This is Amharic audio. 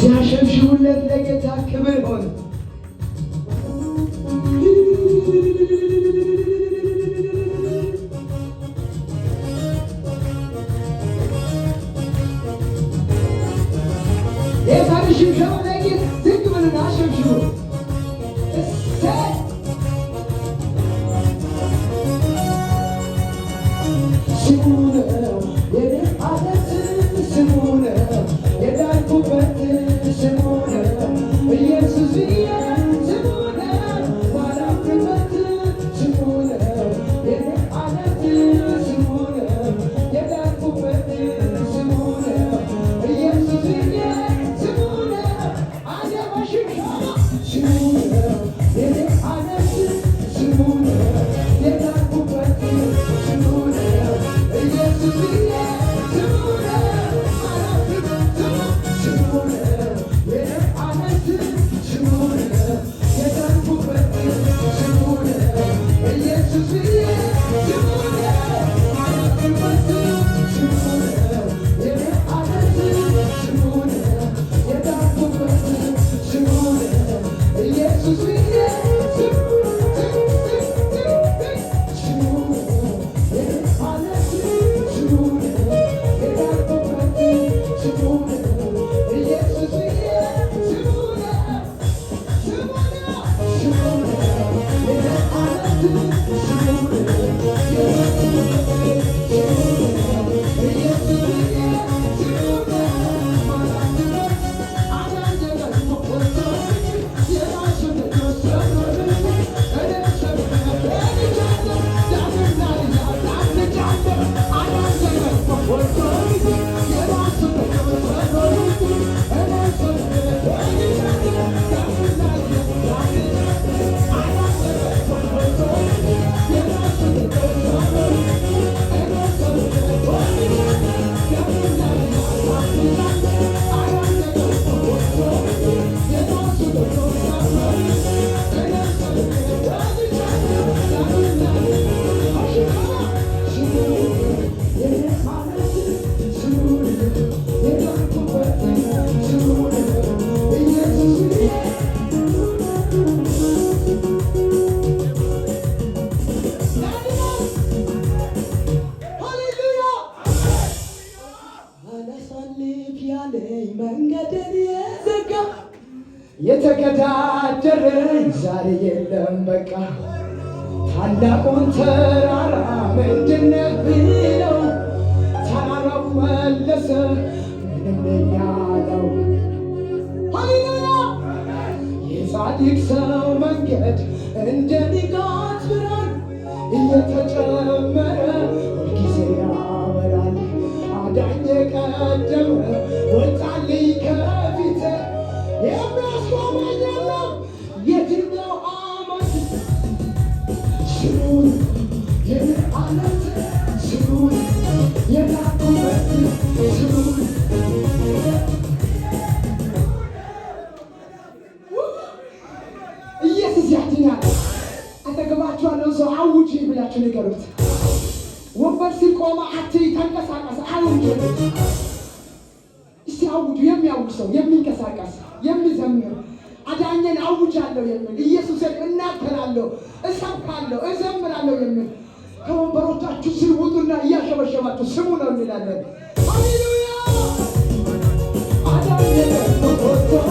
ሲያሸብሽቡለት ለጌታ ክብር ሆነ። you አለኝ መንገድን የዘጋ የተገዳደረኝ ዛሬ የለም በቃ ታላቁን ተራራ ምንድነው ብለው ተራራው መለሰ ምንም ያለው ሃሌሉያ የጻድቅ ሰው መንገድ እንደ ንጋት ብርሃን እየተጨመረ ያበራል አዳኝ የቀደ አጠገባችኋለሁ ሰው አውጪ ብላችሁ ንገሩት። ወንበር ሲቆመ አትይ፣ ተንቀሳቀስ፣ አውጪ። እስቲ አውጁ። የሚያውቅ ሰው የሚንቀሳቀስ የሚዘምር አዳኘን አውጃለሁ የሚል ኢየሱስን እናገራለሁ፣ እሰብካለሁ፣ እዘምራለሁ የሚል ከወንበሮቻችሁ ስር ውጡና እያሸበሸባችሁ ስሙ ነው የሚላለን። ሃሌሉያ አዳኘን